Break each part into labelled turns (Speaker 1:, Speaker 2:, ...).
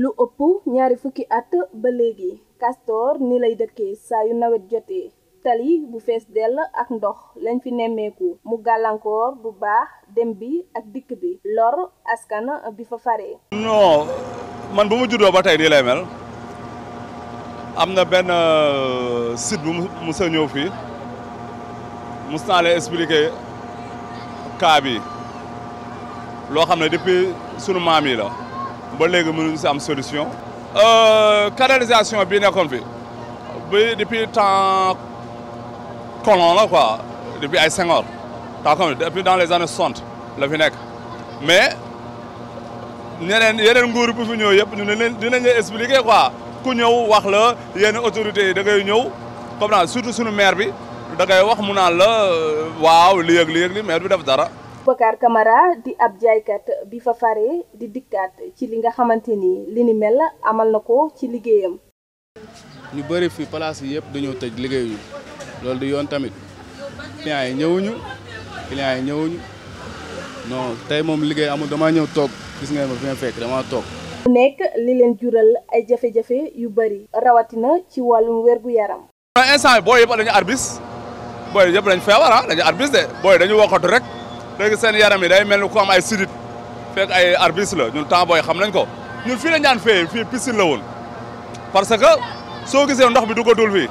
Speaker 1: lu ëpp ñaari fukki at ba léegi Castor ni lay dëkkee saa yu nawet jotee tali bu fees dell ak ndox lañ fi nemmeeku mu gàllankoor bu baax dem bi ak dikk bi lor askan bi fa faree
Speaker 2: non man bu mu juddoo ba tey di lay mel am na benn euh, site bu mu sa ñëw fii mus naa leen expliquer cas bi loo xam ne depuis sunu maam yi la ba léegi mënuñu si am solution. Euh, canalisation bii nekkoon fi bi depuis temps colon la quoi depuis ay Senghor temps colon depuis dans les années soixante la fi nekk mais ñeneen yeneen nguur bu fi ñëw yëpp ñu ne leen dinañ leen expliquer quoi ku ñëw wax la yenn autorités yi da ngay ñëw comme surtout sunu maire bi. da ngay wax mu naan la euh, waaw li yëg li yëg li maire bi def dara.
Speaker 1: Boubacar Camara di ab jaaykat bi fa fare di dikkat ci li nga xamante ni li ni mel amal na ko ci liggéeyam.
Speaker 2: ñu bari fii place yi yëpp dañoo tëj liggéeyuñu loolu di yoon tamit clients yi ñëwuñu clients yi ñëwuñu non tey moom liggéey amul damaa ñëw toog gis ngeen ma fi fekk damaa toog.
Speaker 1: mu nekk li leen jural ay jafe-jafe yu bari rawatina ci wàllum wér yaram.
Speaker 2: instant boo yëpp dañu arbis booy yëpp dañ feebar ah dañu arbis booy dañu wokkatu rek léegi seen yaram yi day mel ni ku am ay sidit fekk ay arbis la ñun temps booy xam nañ ko ñun fii la ñaan fee fii piscine la parce que soo gisee ndox bi du ko dul fii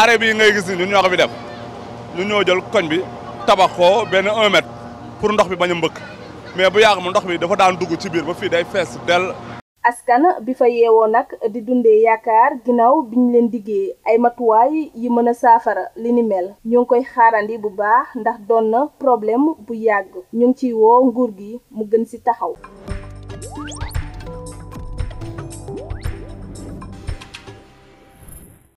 Speaker 2: arrêt bi ngay gis ni ñun ñoo ko def ñun ñoo jël koñ bi tabax ko benn un mètre pour ndox bi bañ a mbëkk mais bu yàgg ma ndox mi dafa daan dugg ci biir ba fii day fees del
Speaker 1: askan bi fa yeewoo nag di dundee yaakaar ginaaw bi ñu leen diggee ay matuwaay yi mëna saafara linimel ni ñu ngi koy xaarandi bu baax ndax doon na problème bu yàgg ñu ngi ciy woo nguur gi mu gën ci taxaw